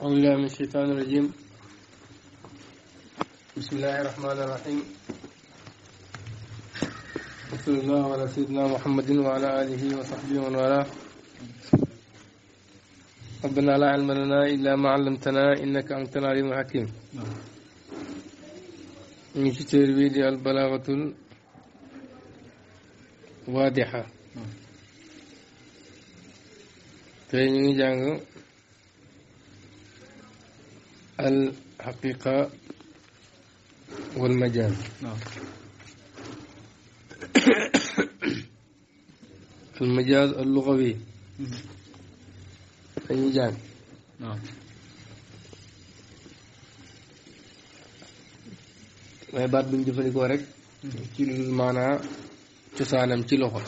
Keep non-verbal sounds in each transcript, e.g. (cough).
أعوذ بالله من الشيطان الرجيم بسم الله الرحمن الرحيم وصلى الله على سيدنا محمد وعلى آله وصحبه ومن والاه ربنا لا علم لنا إلا ما علمتنا إنك أنت العليم الحكيم من شتير بيدي البلاغة الواضحة نعم. تريني جانغو الحقيقة والمجال نعم. (coughs) المجال اللغوي المجال نعم ما بعد من جفني قارك كل ما أنا تسانم كله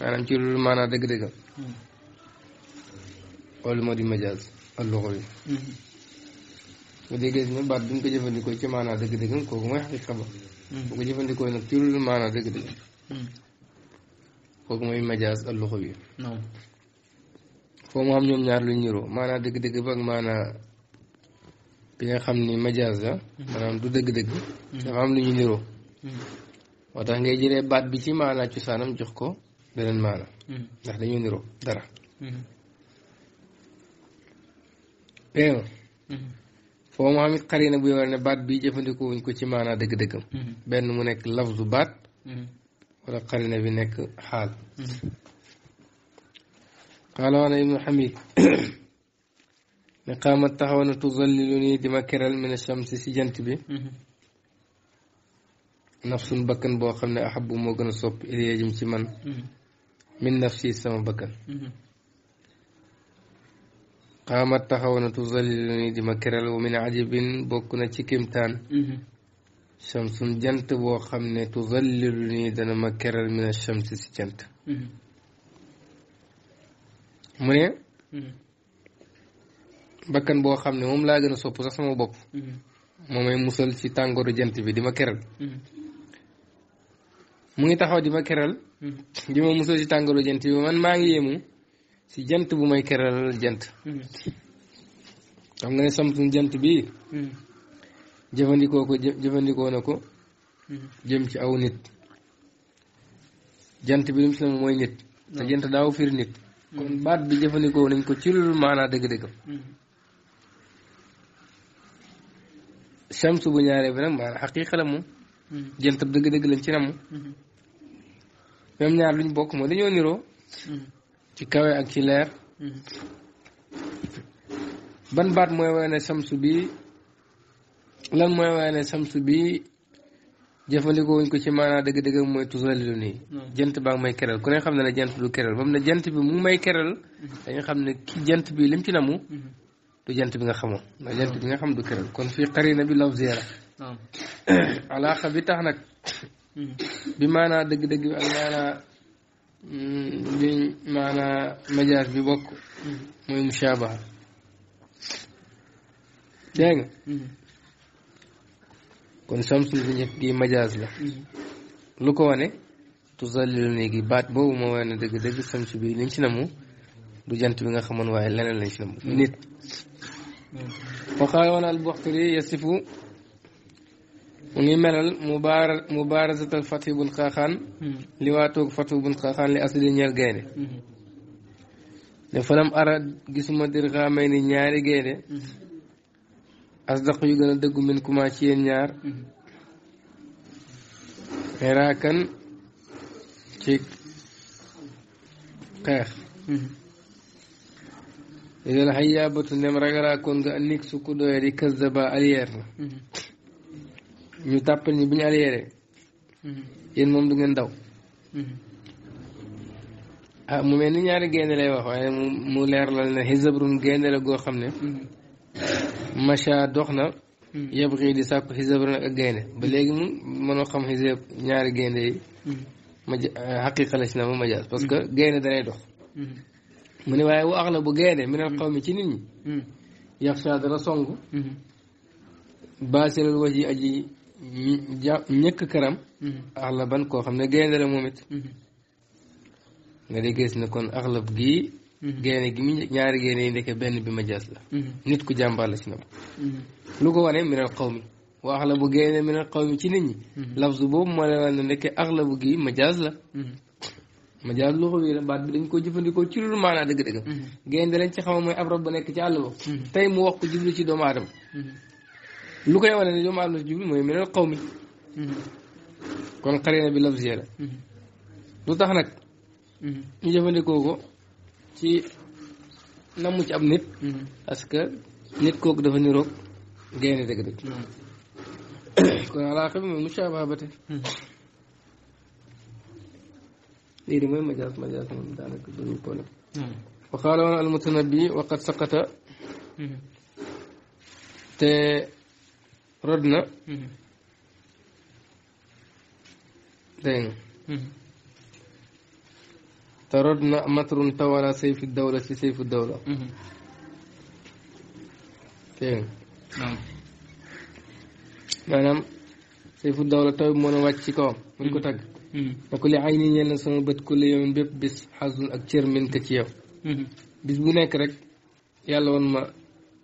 أنا كل ما أنا دقدقة أول ما دي مجاز اللغوي nga déggee si ne baat bi nga ko jëfandikoo ci maanaa dëgg hmm. jëfandikoo nag ci lu maanaa dëgg-dëgg hmm. kooku mooy majaas al luxu bi foo mu xam ñoom ñaar luñ niroo maanaa dëgg-dëgg ba ak maanaa bi nga xam ni majaas la hmm. maanaam du dëgg-dëgg dafa am lu ñu niroo moo tax ngay jëlee baat bi ci maanaa cosaanam jox ko beneen maana ndax dañoo niroo dara فهو محمد قرينة بيوارنا بات بي جفن دكو ونكو چي مانا دك دك بيرن منك لفظ بات ولا قرينة بنك حال قال وانا ابن حميد نقام التحوان تظللني دي مكرل من الشمس سي جنت نفس بكن بو أحب موغن صوب إلي يجم چي من من نفسي سما بكن xaamat taxaw na tuzallilani di ma keral wa min ajabin bokk na ci kimtaan shamsun jant boo xam ne tuzallilani dana ma keral min shamsi si jant mu ne bakkan boo xam ne moom laa gën a sopp sax sama bopp moo may musal ci tàngooru jant bi di ma keral mu ngi taxaw di ma keral di ma musal ci tàngooru jant bi man maa ngi yéemu si jant bu may keralal jant xam nga ne samtun jant bii jëfandikoo ko jëfandikoo na ko jëm ci aw nit jant bi lu mu si mooy nit te hmm. jant daaw firi nit kon hmm. baat bi jëfandikoo nañ ko ci lu maanaa dëgg-dëggam hmm. samsu bu ñaaree bi nag maanaam xaqiiqa la moom jant dëgg-dëgg lañ ci namm ñoom ñaar luñ bokk mooy dañoo niroo ci kawe ak ci leer mm-hmm. ban baat mooy wane samsu bi lan mooy wane samsu bi jëfandikoo wuñ ko ci maanaa dëgg-dëgg mooy tusallilu nii mm-hmm. jant baa may keral ku ne xam ne ne jant du keral ba mu jant bi mu may keral mm-hmm. dañu xam ne jant bi lim ci namu du jant bi nga xamoon ndax jant bi nga xam du keral kon fii xarina bi law zéra alaaxa bi tax nag bi maanaa dëgg-dëgg bi ak maanaa liñ mm, maanaa majaas bi bokk mooy mushaabaha dégg nga kon samsul bu gi majaas la lu ko wane tusallilu néegi baat boobu moo wane dëgg dëgg samsu bi liñ ci namu du jant bi nga xamoon waaye leneen lañ ci namu nit waxaale woon al Buxtari yasifu mu ngi melal mubaara mubaarazatal fati bun xaaxaan hmm. li waatoog fati bun xaaxaan li asli ñeel gaynde hmm. ne falam ara gisuma dir xaamay ni ñaari gaynde hmm. asdaq yu gën a dëggu min kuma ci yéen ñaar xeraakan ci xeex idal xayaabatu ndem ragarakoon nga nik su ku doye di kasdaba aliyeer na ñu tàppal ñi bu ñu arrière mm-hmm. yéen moom du ngeen daw mm-hmm. ah, mu mel ni ñaari gaynde lay wax waaye mu mu leer la ne xisabrun gaynde la goo xam ne mm-hmm. macha dox na yëpp xii di sàkku xisabrun ak gaynde ba léegi mu mënoo xam xisab ñaari gaynde yi ma ah, xaqiqa la si na ma majaas parce que gaynde danay dox mu ne waaye wa la bu gaynde mi neen xaw mi ci nit ñi yaxsha dana song baasirel waj yi aji ñekk këram mm-hmm. axlab ban koo xam ne gaynde la moom it mm-hmm. nga dee gis ne kon axlab gii mm-hmm. gaynde gi ñaari gaynde yi ndeke benn bi ma la nit ku jàmbaar la ci na lu ko wane minal xaw mi wa axlabu gaynde minal xaw mi ci nit ñi lafzu boobu moo lay wane gii ma jaas la ma jaas dañ ko jëfandikoo ci loolu maanaa dëgg-dëgg gaynde lañ ci xama mooy ab rab ba nekk ci àll ba tey mu wax ko jublu ci doomu aadama لو كان يوانا نجوم عبد الجبل مهم من القوم كون قرينا باللفظ يالا لو تحنك نجفن لكوكو تي نموش اب نت اسكا نت كوك دفن روك جيني دك دك (coughs) كون على آخر من مشابهة بتي ليري مهم مجاز مجاز مهم دانك دوني كونك وقال المتنبي وقد سقط تي rod na mhm. dégg nga mhm. te rod na matrun tawala sayfi dawla ci sayfi dawla mhm. dégg nga maanaam dawla taw bi moo na wàcc ci kawam buñ ko tagg na ko li ay nii ñeen sama bët ku la yoon bépp bis xasul ak cër min ko ci yow bis bu nekk rek yàlla woon ma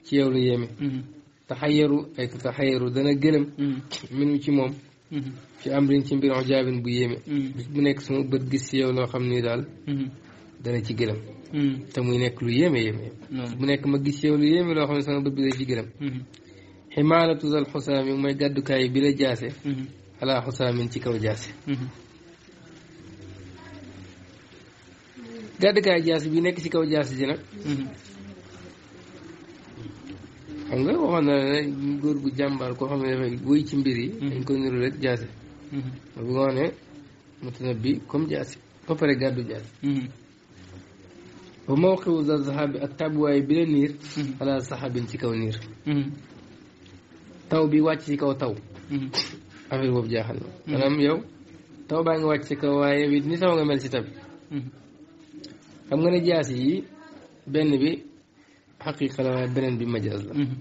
ci yow lu yéeme taxayaru ay taxayaru dana gëlëm mm. minu ci moom mm-hmm. ci am riñ ci mbir jaabin bu yéeme mm. bis bu nekk suma bët gis si loo xam ni daal mm-hmm. dana ci gëlëm mm. te muy nekk lu yéeme yéeme bu nekk ma gis yow lu yéeme loo xam ne sama bët bi da ci gëlëm ximaanatu mm-hmm. zal xusaami mooy gàddukaay bi la jaase alaa xusaamin ci kaw jaase gàddukaay jaase bi nekk ci kaw jaase ji xam nga waxoon ne góor gu jàmbaar koo xam ne dafay wéy ci mbir yi. Hmm. dañ hmm. ko niru rek jaase. bu nga wax ne mutanabbi comme jaase ba pare gàddu jaase. ba hmm. mawqiwu za saxaabi ak tàbbuwaay bi la niir. ala saxaabin ci kaw niir. taw bi wàcc ci kaw taw. affaire boobu jaaxal na. maanaam yow taw baa ngi wàcc ci kaw waaye yow ni taw nga mel ci taw. xam nga ne jaas yi benn bi. xaqiqa beneen bi majaas mhm.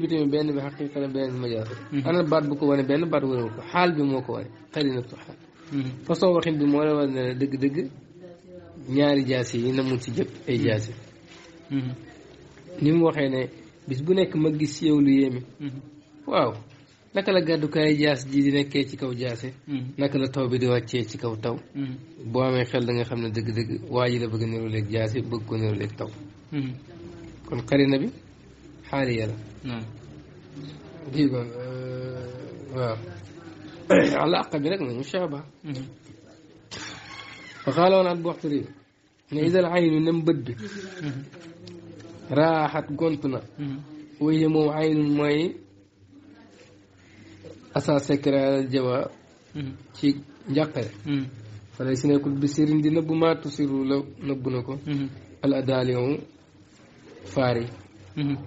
bi tamit benn bi xaqiqa mhm. ko wane benn baat wanewul bi moo ko wane xarinatu xaal mhm. façon waxin bi moo la wane ne yi namul ci ay jaasi mu waxee ne bis bu nekk ma gis yow lu yéeme waaw naka la gàddukaay jaas ji di nekkee ci kaw jaase naka la taw bi di wàccee ci kaw taw boo amee xel da nga xam ne dëgg-dëgg waa ji la bëgg niru leeg jaase bëgg ko niru leeg taw Hmm. kon xarina bi xaaliya la dii hmm. ko euh, waaw alaaq (coughs) bi rek na mushaba hmm. fa xaala woon at boxtari ne isal aynu nem bët bi raaxat gont na waye moom aynun mooy asa secral jawa ci njàqare fa lay si nekkul bi sirin di nëbbu maa tusiru la nëbbu na ko al adaalion faar yi mm-hmm.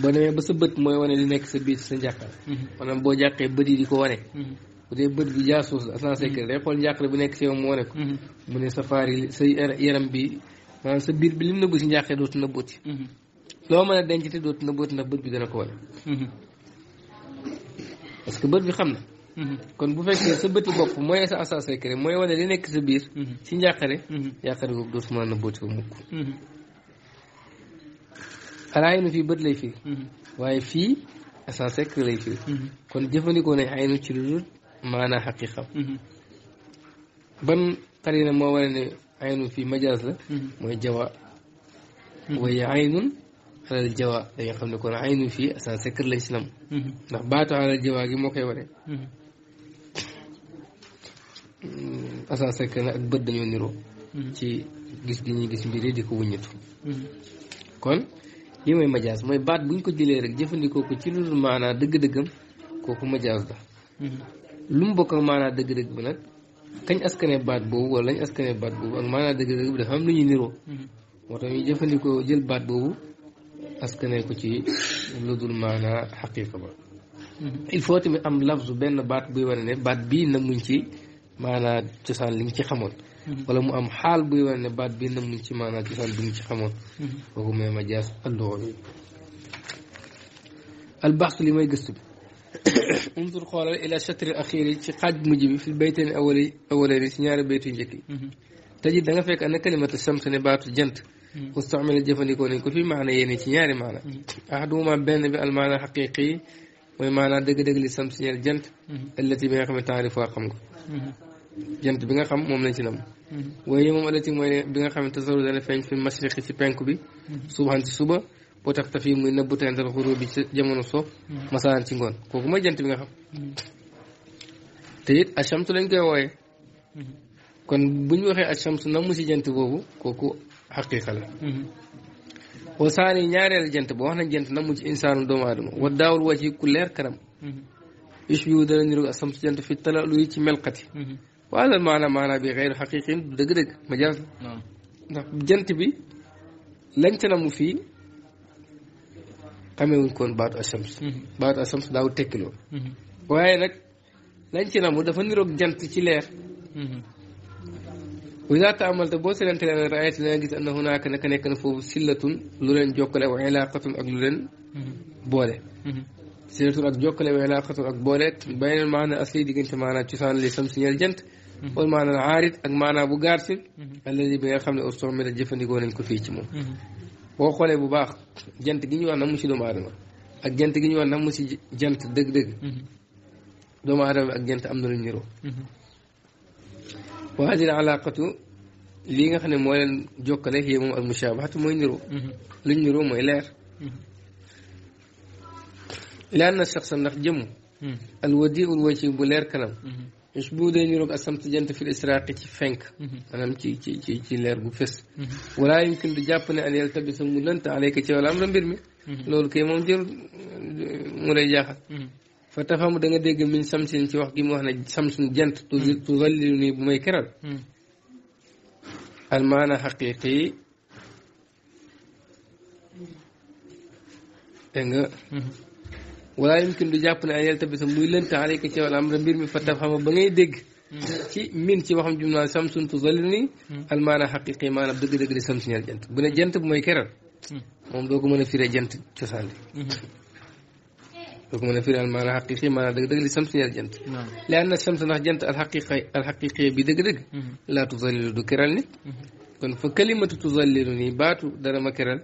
boo demee ba sa bët mooy wane li nekk sa biir sa njàqal mm-hmm. maanaam boo jàqee bët yi di ko wane mm-hmm. bu dee bët bi jaasuus la asansé kër day xool njàqare bu nekk si yow mu wane ko mu ne sa faar yi sa yaram bi maanaam sa biir bi lim nëbbu si njàqee dootu nëbbooti loo mën a denc te dootu nëbbooti ndax bët bi dana ko wane parce bët bi xam na Mm-hmm. kon bu fekkee sa bëti bopp mooy essence à secret mooy wane li nekk sa biir ci mm-hmm. njàqare mm-hmm. njàqare boobu dootuma na booti fa mukk alaayinu fii bët lay fii waaye fii essence secret lay fii kon jëfandikoo nañ maanaa xaqiqa ban xarina moo fii majaas la jawa waaye aynun alal da xam ne kon aynu fii essence lañ si nam ndax baatu alal jawa gi moo koy wane Mm, Assane Seck na ak bët dañoo niroo. Mm. ci gis gi ñuy gis mbir yi di ko wuññatu. Mm. kon lii mooy majaas mooy baat bu ñu ko jëlee rek jëfandikoo ko ci lu dul maanaa dëgg-dëggam kooku majaas lu mu bokk ak maanaa dëgg-dëgg bi nag kañ askane wala lañ askane baat boobu lu ñuy niroo. moo tax ñu jëfandikoo jël baat boobu askane ko ci lu dul maanaa xaqiiqa ba. il faut am lafzu benn baat buy wane ne baat bii namuñ ci. maanaa cosaan li nga ci xamoon wala mu am xaal buy wane ne baat bi nam ci maanaa cosaan bi nga ci xamoon kooku may ma jaas alluxawi albaxtu li may gëstu bi unzur xoolal ila chatri axiri ci xaaj mujj bi fi baytani awali awaleeni si ñaari baytu njëkk yi tajit da nga fekk ana kalimata shams ne baatu jant mustamila jëfandikoo nañ ko fi maana yéeni ci ñaari maana ahaduma benn bi almaana xaqiqi mooy maanaa dëgg-dëgg li sam si ñeel jant ëllëti bi nga xam ne taarif xam nga jant bi nga xam moom lañ ci nam mm-hmm. waaye moom alati mooy bi nga xam ne tasaru dana feeñ fi masriqi ci penku bi mm-hmm. subhan ci suba boo tax tafi muy nëbbu teental xuró bi ci jamono soof mm-hmm. masalan ci ngoon kooku mooy jant bi nga xam te it achamtu lañ koy wooye kon bu ñu waxee achamtu na mu si jant boobu kooku xaqiqa la wa saani ñaareel jant ba wax nañ jant na mu ci insaanu doomu aadama wa daawul wàcc ku leer kanam ush biu dana niru achamtu jant ولا المعنى معنى بغير حقيقي دق دق مجاز نعم. نعم جنت بي لن تنم في كامي ونكون بعد أشمس بعد أشمس داو تكلو وهاي نك لن تنم وده فني روك جنت كيلير وإذا تعملت بوسة لن تلقى رأيت لن يجد أن هناك نكن يكن فوق سلة لولن جوكلة وعلاقة أجلولن بولة سلة أجلولة وعلاقة أجلولة بين المعنى أصلي دي كنت معنى تشان لسمسنية الجنت Mhm. wala maanaam aarit ak maanaam bu gaar si mhm. alladi bi nga xam ne urson mi la jëfandikoo nañ ko fii ci moom mhm. boo xoolee bu baax jant gi ñu wax na mu si doomu aadama ak jant gi ñu na mu jant dëgg-dëgg doomu ak jant am na lu niroo wa hadil alaqatu lii nga xam ne moo leen jokkale yé moom ak mooy niroo luñ niroo mooy leer laan na sax ndax jëmm alwadiul wajhi bu leer kanam usbu day niroog asamt jant fil israaqi ci fenk mhm. maanaam ci ci ci ci leer gu fës mhm. walaa yumkin du jàpp ne an yel tabisa mu lënt alayka ci am la mbir mi mhm. loolu kay moom jël mu lay jaaxal fa tafamu da nga dégg min samsin ci wax gi mu wax ne samsun jant tugallilu nii bu may keral al maana xaqiqi dégg wala yumkin du jàpp ne ay yeltabisam muy lënt alayka ci wal amra mbir mi fa tafhama ba ngay dégg ci min ci waxam jum naa samsun tuzalil ni almaana xaqiqi maanaam dëgg-dëgg di sam siñal jant bu ne jant bu mooy keral moom doo ko mën a firee jant cosaan bi doo ko mën a firee almaana xaqiqi maanaam dëgg-dëgg di sam siñal jant li an na samsa ndax jant alxaqiqa alxaqiqiya bi dëgg-dëgg laa tuzalilu du keral nit kon fa kalimatu tuzalilu nii baatu dara ma keral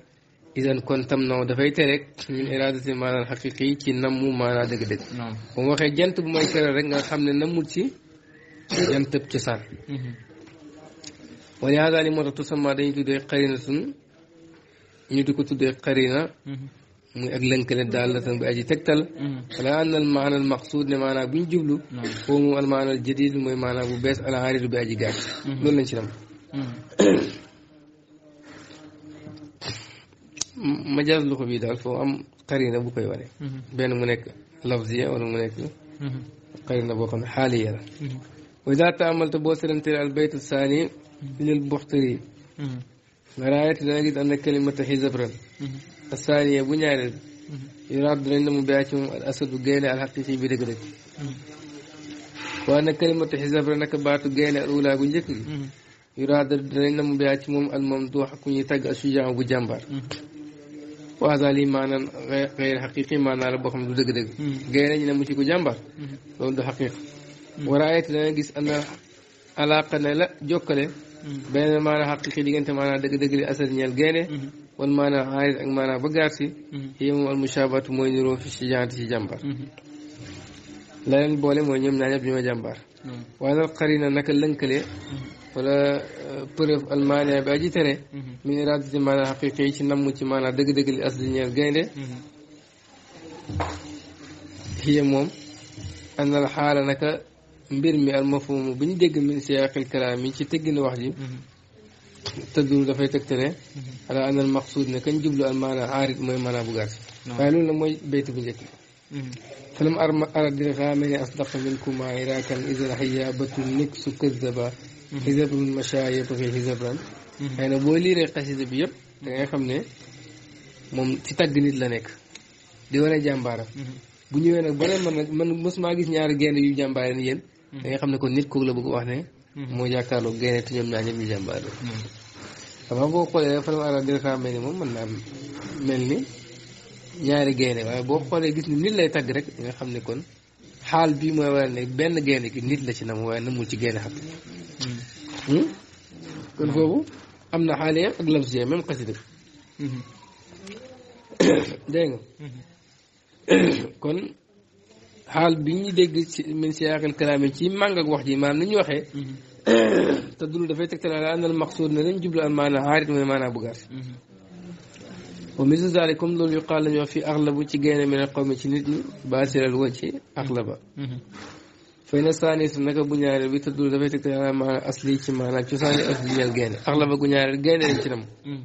idan kon tam naw dafay tere min iradati maanaam xaqiqi ci nammu maanaa dëgg-dëgg bu ma waxee jant bu may tere rek nga xam ne nammut ci jant ci saan mm-hmm. wala hada li moo tax tusamma dañuy tuddee xarina sun ñu di ko tuddee xarina mm-hmm. muy ak lënkale daal la tan bi aji tegtal mm-hmm. wala an al maana al ne maanaa bu ñu jublu foofu moom al mooy maanaa bu bees al aaridu bi aji gàtt loolu lañ ci nam (coughs) مجاز لوكو بي دال فو ام قرينه بو كاي واري بن مو نيك لفظيه ولا مو نيك قرينه بو خن حاليه لا واذا تاملت بو سرنت البيت الثاني للبحتري مرايت لاجد ان كلمه حزبر الثانيه بو نيار يراد رند مو بياتم الاسد غيل الحقيقي بدغري وان كلمه حزبر نك باتو غيل الاولى بو نيك يراد رند مو بياتم الممدوح كوني تاغ الشجاع بو جمبار waasa lii maanaam xëyr xaqiqi maanaa la boo xam ne du dëgg-dëgg mm-hmm. gaynde ñu ne mu ci ko jàmbar mm-hmm. loolu du xaqiq mm-hmm. waraayati dana gis ana alaqa ne la jokkale benn maanaa xaqiqi diggante maanaa dëgg li asal ñeel gaynde wan maanaa aarit ak maanaa ba gaar si yi moom al mushaabatu mooy niroo fi si jaante ci jàmbar la leen boole mooy ñoom ñaar ñëpp ñoo jàmbar waaye nag xarina naka lënkale wala euh, preuve almaania bi aji tere min iradati maanaa xaqiqa yi ci namm ci maanaa dëgg-dëgg li asli ñeel gaynde hiya moom an al xaala naka mbir mi al mafhumu bu ñu dégg min siyaaqil kalaam yi ci teggin wax ji tëddul dafay tegtale ala an al maqsuud ne kañ jublu al maanaa aarid mooy maanaa bu gàtt waaye loolu nag mooy bayt bu njëkk فلم أرد الغامر أصدق منكما عراكا إذا الحيابة النكس كذبا حزب المشايخ في حزبا xëy na boo liiree xasida bi yëpp da xam ne moom ci tagg nit la nekk di wane jàmbaaram bu ñëwee nag ba ne man nag man mos maa gis ñaari gaynde yu jàmbaare ni yéen da xam ne ko nit kooku la bëgg wax ne moo jàkkaarloo gaynde te ñoom ñaar ñëpp ñu jàmbaare dama boo xoolee fana ara dil xammee ni moom mën naa mel ni ñaari gaynde waaye boo xoolee gis ni nit lay tagg rek nga xam ne kon xaal bii mooy waral ne benn gaynde gi nit la ci nam waaye namul ci gaynde xaq hmm? hmm? kon na xaaliya ak lamsiya même xasida hmm. (coughs) (coughs) kon xaal bi ñu dégg ci min siyaaqil kalaam ci màng ak wax ji maanaam ni ñu waxee (coughs) te dul dafay tegtal ala anna al maqsuud ne lañ jublu al maana xaarit mooy maanaa bu wa mislu zaalik comme loolu yu xaal lañuy wax fii axlabu ci gaynde a ne xaw ma ci nit ñi baasiral wa ci axlaba mm-hmm. fay na saani su naka bu ñaareel bi tëddul dafay teg te maanaam asli ci maanaam cosaani asli ñeel gaynde axlaba gu ñaareel gaynde lañ ci nam mm-hmm.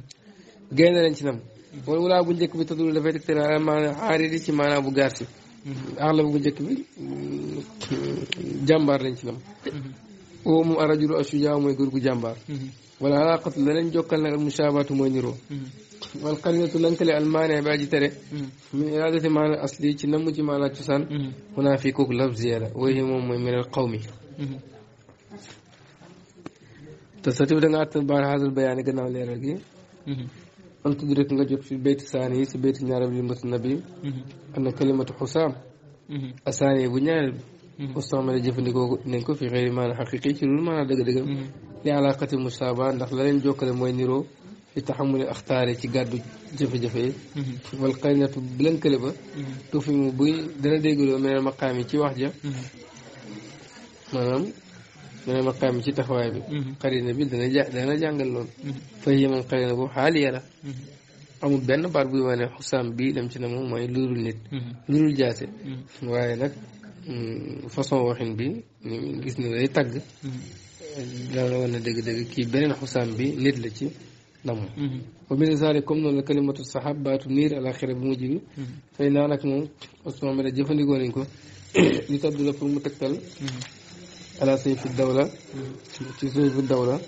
gaynde lañ ci nam wala wulaa bu njëkk bi tëddul dafay teg te maanaam aaridi bu mm-hmm. njëkk bi mm, jàmbaar lañ ci wal xariyatu lënkale almaane ba aji tere min iradati maana asli ci namm ci maana cosaan xunaa fii kooku labziya la wooyu moom mooy meneel xawmi te sa tibi da nga àttan baal xaasal bayaani gannaaw leeral gi an tudd rek nga jot fi bayti saani yi si nabi am na xusaam asaani yi bu ñaareel bi xusaam la ko fi xëyri maana xaqiqi ci loolu maana dëgg-dëgg ndax leen jokkale mooy niroo بتحمل الاختار تي غاد جف جف والقينة بلنكلبة توفي مبوي دنا ديغلو من المقامي تي واحد مانام من المقامي تي تخواي بي قرينة بي دنا جاك دنا جانجل لون فهي من قرينة بو حالي يلا amul benn bar buy wane xusaam bii dem ci ne moom mooy lurul nit lurul jaase waaye nag façon waxin bi gis ni day tàgg dana wane dëgg-dëgg kii beneen xusaam bi nit la ci نعم ومن ذلك كم نقول كلمة الصحابة تنير على خير بموجب فإن أنا كم أسمع من الجفن يقول إنكم يتبدو لكم متكتل على سيف الدولة تسوي في الدولة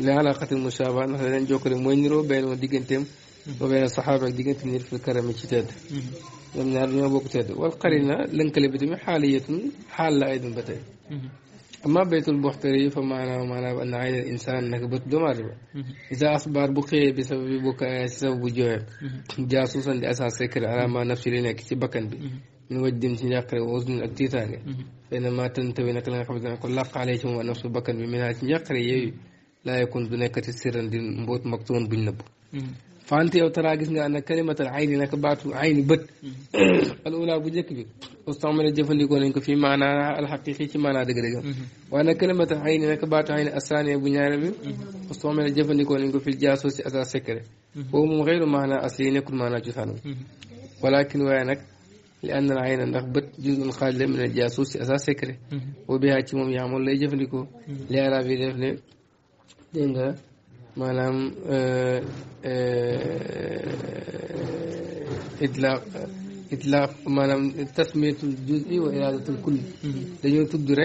لعلاقة المشابهة نحن نجوكر موينرو بين ديجنتم وبين الصحابة ديجنتم نير في الكرم الشتاد ومن هذا نبوك تاد والقرينة لنكلمة حالية حالة أيضا بتاي أما بيت البحتري فمعنى معنى أن عين الإنسان أنك بتدمر إذا أصبر بقي بسبب بكاء سبب جوع جاسوسا لأساس سكر على ما نفسي لنا كتبكا بي من ودم سنجاقر ووزن التيتاني فإنما تنتوي نقل نقبض يقول لاق عليكم ونفس بكا بمنها سنجاقر يوي لا يكون بنكة سرا مبوت مقتون بالنبو فأنت أو ترى أن كلمة العين أنك نكبات عين بت (coughs) الأولى بجك بي ustamala jëfandikoo nañ ko fii maanaa alxaqiqi ci maanaa dëgg-dëgg mhm. waaye nag kalimata xëy ni nag baatu xëy ni assaaniya bu ñaare bi mhm. ustamala jëfandikoo nañ ko fii jaasoo si asa secret boobu mhm. moom xëyru maanaa asli nekkul maanaa cosaanam walakin waaye nag li ànd na ay na ndax bët juzun xaaj la mine jaasuus si asa secret boo biyaa ci moom yaamoon lay jëfandikoo li arab yi def ne dégg nga maanaam euh, euh, itlaq اطلاق مانام تسميه juzi واراده الكل دانيو تود tudd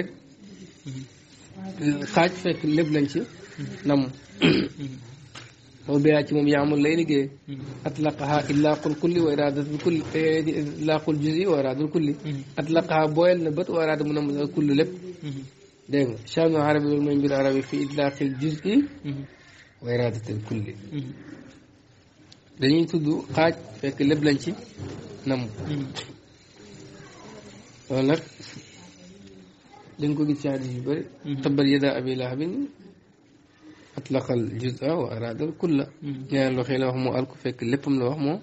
خاج xaaj لب lépp lañ ci nam وبها كم يعمل ليلك أطلقها إطلاق الكل وإرادة الكل إطلاق الجزء وإرادة الكل أطلقها بويل نبت وإرادة من الكل لب دائما شان عربي والمين بالعربي في إطلاق الجزء وإرادة الكل dañuy tudd xaaj fekk lépp lañ ci nam loolu nag dañ ko gis ci yu bëri tabbat yada abi lahabin atlaqal juza wa aradal kulla ñaar xey la wax moo alku fekk léppam la wax moo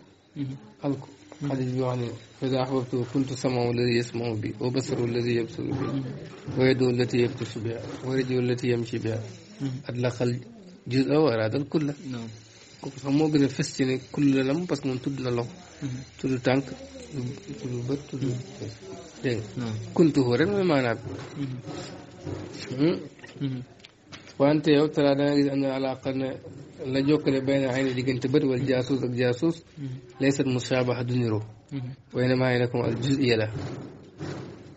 alku hadis bi wax ne fa ida ahbabtu kuntu samau alladi yasmau bi wa basaru alladi yabsaru bi wa yadu allati yabtasu biha wa rajulu allati yamshi biha atlaqal juza wa aradal kulla kooku sax moo gën a fës ci ne kullu lam parce que moom tudd na loxo. Mhm. tudd tànk tudd bët tudd mhm. dégg nga. Mhm. rek mooy maanaam. Hmm? wante yow talaa da nga gis am na alaqa ne la jokkale benn ay na diggante bët wala jaasuus ak jaasuus. laysat musaabaha du niroo. waaye nag maa ngi ne comme al juz'iyya la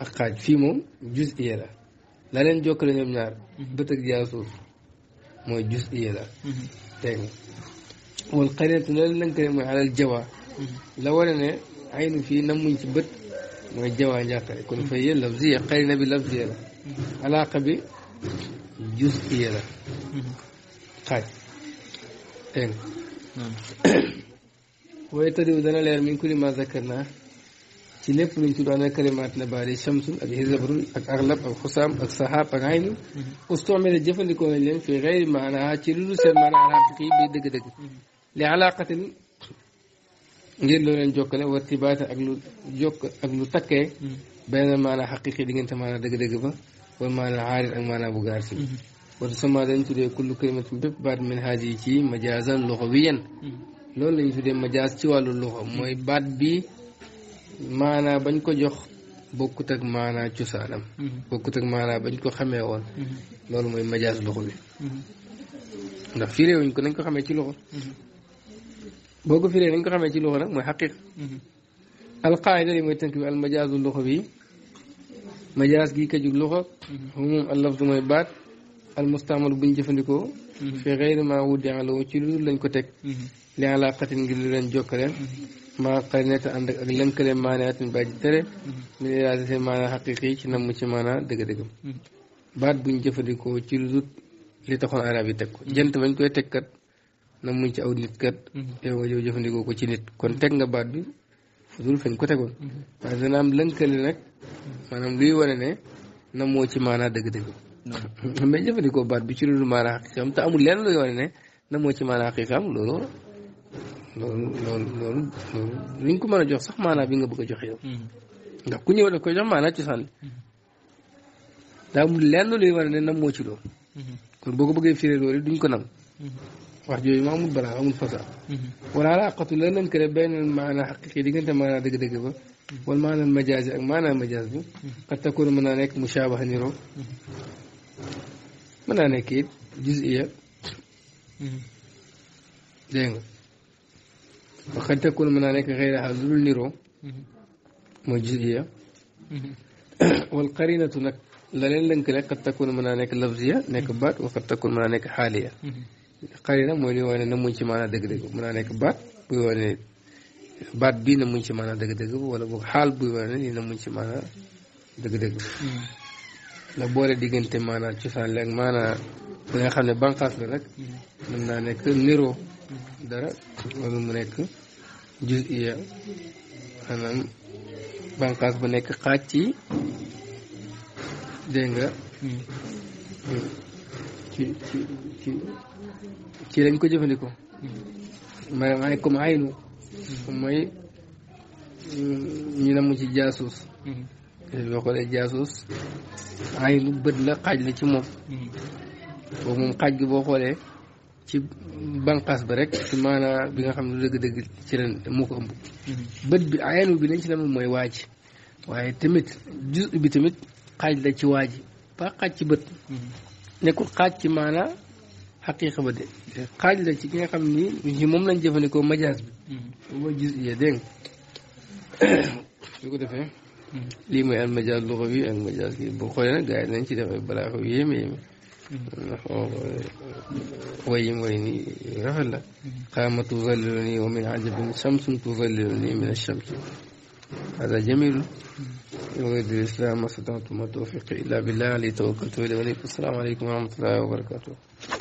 ak xaaj fii moom juz'iyya la la leen jokkale ñoom ñaar bët ak jaasuus mooy juz'iyya la dégg والقرينة لن نكلم على الجوا أنا عين في نم يثبت من الجوا جاك يكون في لفظية قرينة باللفظية علاقة ب جزئية قاعد إن نعم. (coughs) ويتدي ودنا من كل ما ذكرنا تلف من أنا كلمات نباري شمس أبي هزبر أغلب أو خسام أو صحاب أو عين استعمل الجفن لكم في غير معنى تلوس المعنى على حقيقي بيدك دك, دك. li alaqatin ngir loo leen jokkale war tibaata ak lu jokk ak lu takkee mm-hmm. benn maanaa xaqiqi diggante maanaa dëgg-dëgg ba wala maanaa xaarit ak maanaa bu gaar si mm-hmm. wata sama dañ tuddee kullu kalimatin bépp baat min haaj yi ci majaazan luxawiyan mm-hmm. loolu lañ tuddee majaaz ci wàllu luxa mooy baat bi maanaa bañ ko jox bokkut ak maanaa cosaanam bokkut ak maanaa bañ ko xamee woon loolu mooy majaaz luxa bi ndax fii réewuñ ko nañ ko xamee ci luxa boo ko firee nañ ko xamee ci loxo nag mooy xaqiqa alqaayida li mooy tënk bi almajaasu loxo bi majaas gi ka jug loxo moom allafdu mooy baat almustaamal buñ jëfandikoo fi xeyri ma wuddi aloo ci lu lañ ko teg li alaqatin ngir lu leen jokkale maa qarinata ànd ak lënkale maanaatin bàyyi tere mi laa seen maanaa xaqiqi ci namm ci maanaa dëgg-dëggam baat buñ jëfandikoo ci lu li taxoon arab yi ko jant bañ koy teg kat na muñ ci aw nit kat yow mm-hmm. jëfandikoo ko ci nit kon teg nga baat bi fu dul fañ ko tegoon mm-hmm. nag maanaam luy wane ne na moo ci maanaa dëgg-dëgg mm-hmm. (laughs) jëfandikoo baat bi ci lu dul maanaa xaqiqa te amul lenn luy wane ne na moo ci maanaa xaqiqa am loolu loolu ko mën a jox sax maanaa bi nga bëgg a jox yow ku ñëw daf koy jox maanaa cosaan bi daa amul ci loolu kon boo ko bëggee firé loolu duñ ko nam وحجي ما مبلا أم الفصل والعلاقة اللي ننكر بين المعنى الحقيقي اللي أنت معنى دق دق والمعنى المجازي معنى مجاز قد تكون من هناك مشابهة نيرو من هناك جزئية دين وقد تكون من هناك غيرها ذو نيرو مجزئية والقرينة نك لا لين قد تكون من هناك لفظية نكبات وقد تكون من هناك حالية xarina mooy li wane na muñ ci maanaa dëgg-dëgg mën naa nekk baat buy wane baat bii na muñ ci maanaa dëgg-dëgg wala boog xaal buy ci maanaa la hmm. boole diggante maanaa cosaan la ak maanaa bu nga xam ne banqaas la rek hmm. mën naa nekk niroo hmm. dara wala mu nekk jus iya maanaam banqaas bu nekk xaaj ci dégg ci ci ci kii lañ ko jëfandikoo ma ma comme aynu mooy ñu ne mu ci jaasuus boo xoolee jaasuus aynu bët la xaaj la ci moom boobu moom xaaj gi boo xoolee ci banqaas ba rek ci maanaa bi nga xam ne dëgg-dëgg ci ren moo ko ëmb bët bi aynu bi lañ ci nam mooy waaj waaye tamit jus bi tamit xaaj la ci waaj ba xaaj ci bët hmm. nekkul xaaj ci maanaa xaqiqa ba de xaaj la ci ki nga xam ni ci moom lañ jëfandikoo majaas bi booba gis ya dégg su ko defee lii mooy al majaas luxa bi ak majaas bi boo xoolee nag gars yi nañ ci def ay balaa ko yéeme yéeme ndax way yi way ni rafet la xaama tuvallilu nii wa min ajabin samsun tuvallilu nii min alchamsi هذا جميل يريد الإسلام ما استطعت ما توفيقي إلا بالله عليه توكلت وإليه السلام عليكم ورحمة الله وبركاته